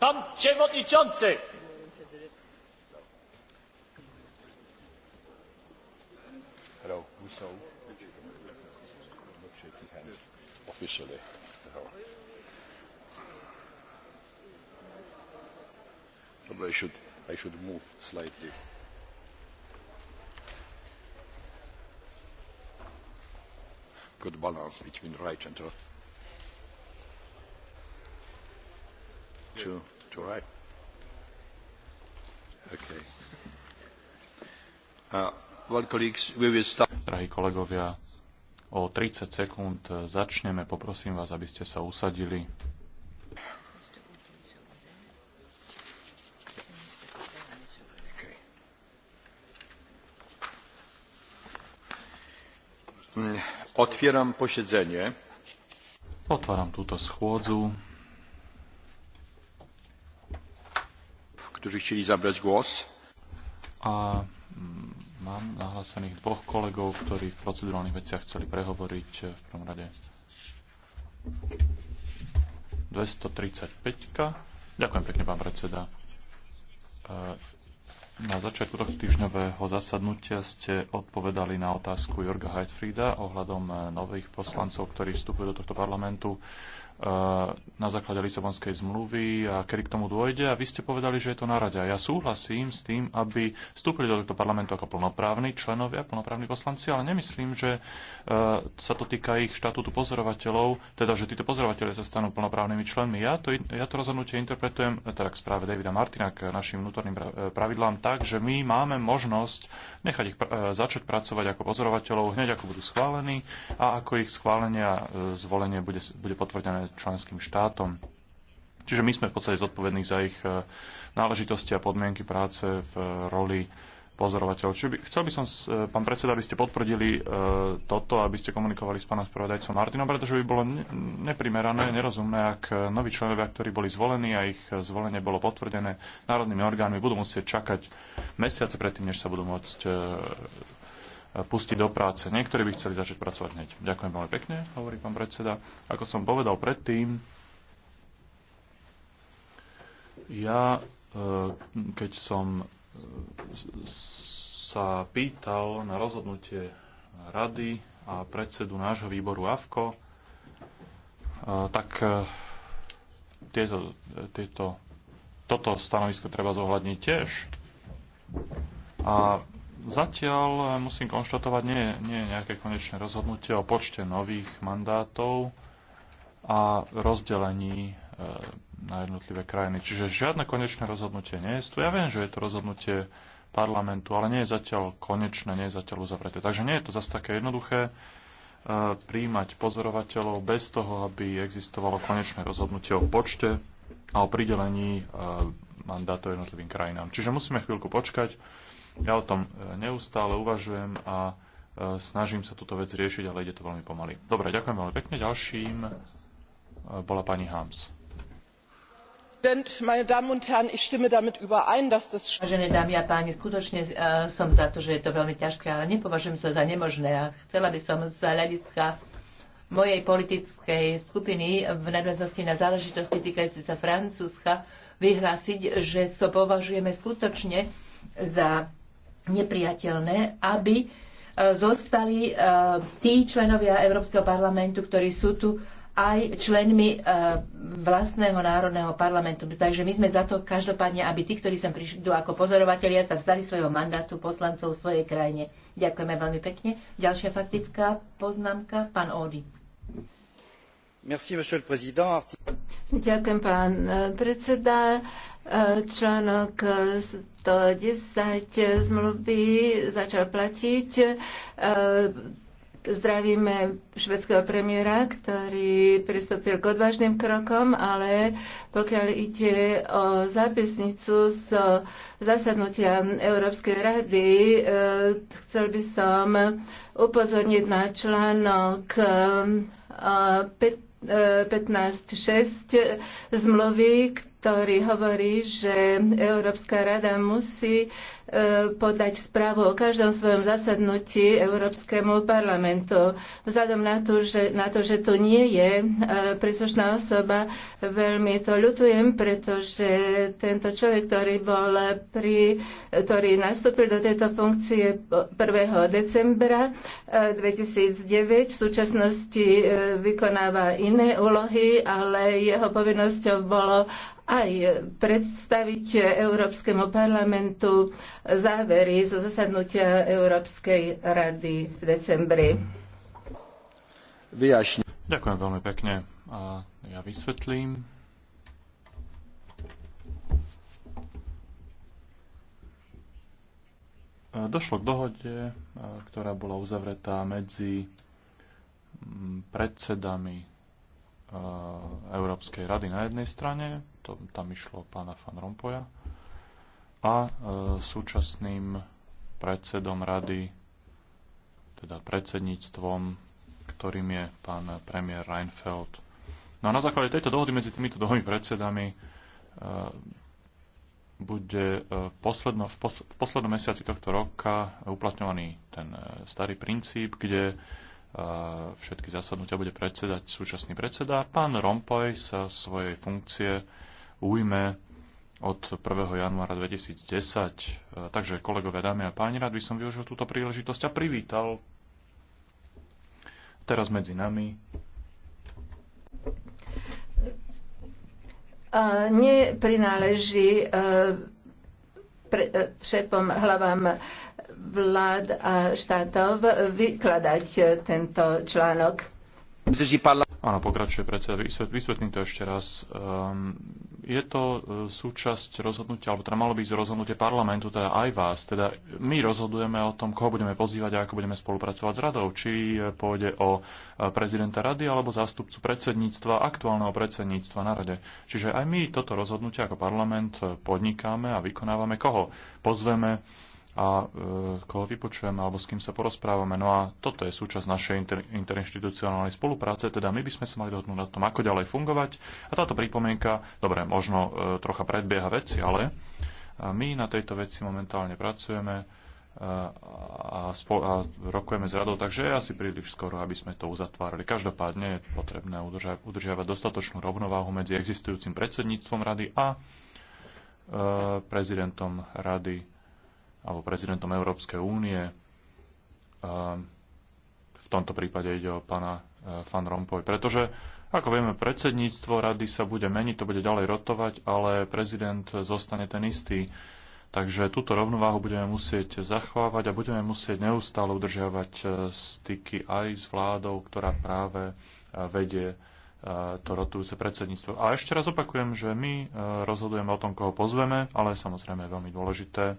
Pan przewodniczący! Hello, we saw shaking hands officially. Probably I should, I should move slightly. Good balance between right and left. Uh, Drahí kolegovia, o 30 sekúnd začneme. Poprosím vás, aby ste sa usadili. Mm, Otvieram posiedzenie. Otváram túto schôdzu. którzy chcieli zabrać głos. A mám nahlásených dvoch kolegov, ktorí v procedurálnych veciach chceli prehovoriť e, v prvom rade. 235. -ka. Ďakujem pekne, pán predseda. E, na začiatku tohto týždňového zasadnutia ste odpovedali na otázku Jorga Heidfrieda ohľadom e, nových poslancov, ktorí vstupujú do tohto parlamentu. Eh, na základe Lisabonskej zmluvy a kedy k tomu dôjde. A vy ste povedali, že je to na rade. A ja súhlasím s tým, aby vstúpili do tohto parlamentu ako plnoprávni členovia, plnoprávni poslanci, ale nemyslím, že eh, sa to týka ich štatútu pozorovateľov, teda že títo pozorovateľe sa stanú plnoprávnymi členmi. Ja to, ja to rozhodnutie interpretujem, teda k správe Davida Martina, k našim vnútorným eh, pravidlám, tak, že my máme možnosť nechať ich pr- začať pracovať ako pozorovateľov hneď ako budú schválení a ako ich schválenie a zvolenie bude, bude potvrdené členským štátom. Čiže my sme v podstate zodpovední za ich e, náležitosti a podmienky práce v e, roli pozorovateľ. Čiže by, chcel by som, e, pán predseda, aby ste potvrdili e, toto, aby ste komunikovali s pánom spravodajcom Martinom, pretože by bolo ne, neprimerané, nerozumné, ak noví členovia, ktorí boli zvolení a ich zvolenie bolo potvrdené národnými orgánmi, budú musieť čakať mesiace predtým, než sa budú môcť e, pustiť do práce. Niektorí by chceli začať pracovať hneď. Ďakujem veľmi pekne, hovorí pán predseda. Ako som povedal predtým, ja, e, keď som e, sa pýtal na rozhodnutie rady a predsedu nášho výboru AFKO, e, tak tieto, tieto, toto stanovisko treba zohľadniť tiež. A Zatiaľ e, musím konštatovať, nie, nie je nejaké konečné rozhodnutie o počte nových mandátov a rozdelení e, na jednotlivé krajiny. Čiže žiadne konečné rozhodnutie nie je tu. Ja viem, že je to rozhodnutie parlamentu, ale nie je zatiaľ konečné, nie je zatiaľ uzavreté. Takže nie je to zase také jednoduché e, príjmať pozorovateľov bez toho, aby existovalo konečné rozhodnutie o počte a o pridelení mandátov jednotlivým krajinám. Čiže musíme chvíľku počkať ja o tom e, neustále uvažujem a e, snažím sa túto vec riešiť, ale ide to veľmi pomaly. Dobre, ďakujem veľmi pekne. Ďalším e, bola pani Hams. Vážené dámy a páni, skutočne som za to, že je to veľmi ťažké, ale nepovažujem sa za nemožné a chcela by som z hľadiska mojej politickej skupiny v nadväznosti na záležitosti týkajúce sa Francúzska vyhlásiť, že to považujeme skutočne za nepriateľné, aby e, zostali e, tí členovia Európskeho parlamentu, ktorí sú tu aj členmi e, vlastného národného parlamentu. Takže my sme za to každopádne, aby tí, ktorí sem prišli ako pozorovatelia, sa vzdali svojho mandátu poslancov v svojej krajine. Ďakujeme veľmi pekne. Ďalšia faktická poznámka, pán Ódy. Merci, monsieur le président. Ďakujem, pán predseda. Článok 110 zmluvy začal platiť. E, zdravíme švedského premiéra, ktorý pristúpil k odvážnym krokom, ale pokiaľ ide o zápisnicu z zasadnutia Európskej rady, e, chcel by som upozorniť na článok 15.6 e, zmluvy, ktorý hovorí, že Európska rada musí e, podať správu o každom svojom zasadnutí Európskemu parlamentu. Vzhľadom na to, že, na to, že tu nie je e, príslušná osoba, veľmi to ľutujem, pretože tento človek, ktorý bol pri, ktorý nastúpil do tejto funkcie 1. decembra 2009, e, v súčasnosti vykonáva iné úlohy, ale jeho povinnosťou bolo aj predstaviť Európskemu parlamentu závery zo zasadnutia Európskej rady v decembri. Vyjašň. Ďakujem veľmi pekne. A ja vysvetlím. Došlo k dohode, ktorá bola uzavretá medzi predsedami Eh, Európskej rady na jednej strane, to, tam išlo pána Van Rompoja, a eh, súčasným predsedom rady, teda predsedníctvom, ktorým je pán premiér Reinfeld. No a na základe tejto dohody medzi týmito dvomi predsedami eh, bude posledno, v, poslednom mesiaci tohto roka uplatňovaný ten starý princíp, kde všetky zasadnutia bude predsedať súčasný predseda. Pán Rompoy sa svojej funkcie ujme od 1. januára 2010. Takže kolegovia, dámy a páni, rád by som využil túto príležitosť a privítal teraz medzi nami neprináleží e, e, šéfom hlavám vlád a štátov vykladať tento článok. Áno, pokračuje predseda. Vysvetlím to ešte raz. Ehm, je to e, súčasť rozhodnutia, alebo teda malo byť rozhodnutie parlamentu, teda aj vás. Teda my rozhodujeme o tom, koho budeme pozývať a ako budeme spolupracovať s radou. Či e, pôjde o e, prezidenta rady alebo zástupcu predsedníctva, aktuálneho predsedníctva na rade. Čiže aj my toto rozhodnutie ako parlament podnikáme a vykonávame koho. Pozveme a e, koho vypočujeme alebo s kým sa porozprávame. No a toto je súčasť našej inter, interinstitucionálnej spolupráce, teda my by sme sa mali dohodnúť na tom, ako ďalej fungovať. A táto pripomienka, dobre, možno e, trocha predbieha veci, ale e, my na tejto veci momentálne pracujeme a, spol- a rokujeme s radou, takže je asi príliš skoro, aby sme to uzatvárali. Každopádne je potrebné udržia- udržiavať dostatočnú rovnováhu medzi existujúcim predsedníctvom rady a e, prezidentom rady alebo prezidentom Európskej únie. Ehm, v tomto prípade ide o pána e, Van Rompuy, pretože ako vieme, predsedníctvo rady sa bude meniť, to bude ďalej rotovať, ale prezident zostane ten istý. Takže túto rovnováhu budeme musieť zachovávať a budeme musieť neustále udržiavať e, styky aj s vládou, ktorá práve e, vedie to rotujúce predsedníctvo. A ešte raz opakujem, že my rozhodujeme o tom, koho pozveme, ale samozrejme je veľmi dôležité,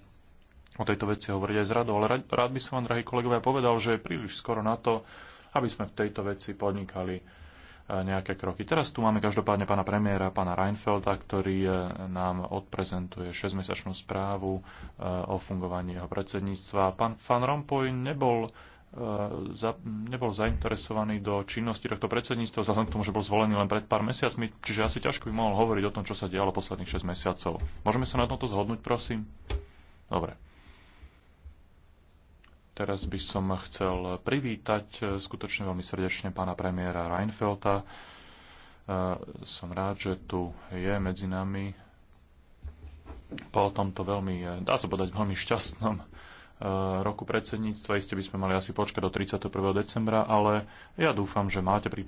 o tejto veci hovoriť aj z radu, ale rád by som vám, drahí kolegovia, povedal, že je príliš skoro na to, aby sme v tejto veci podnikali e, nejaké kroky. Teraz tu máme každopádne pána premiéra, pána Reinfelda, ktorý e, nám odprezentuje 6-mesačnú správu e, o fungovaní jeho predsedníctva. Pán Van Rompuy nebol za, nebol zainteresovaný do činnosti tohto predsedníctva, vzhľadom k tomu, že bol zvolený len pred pár mesiacmi, čiže asi ťažko by mohol hovoriť o tom, čo sa dialo posledných 6 mesiacov. Môžeme sa na tomto zhodnúť, prosím? Dobre. Teraz by som chcel privítať e, skutočne veľmi srdečne pána premiéra Reinfelta. E, som rád, že tu je medzi nami po tomto veľmi, e, dá sa povedať, veľmi šťastnom roku predsedníctva. Isté by sme mali asi počkať do 31. decembra, ale ja dúfam, že máte pri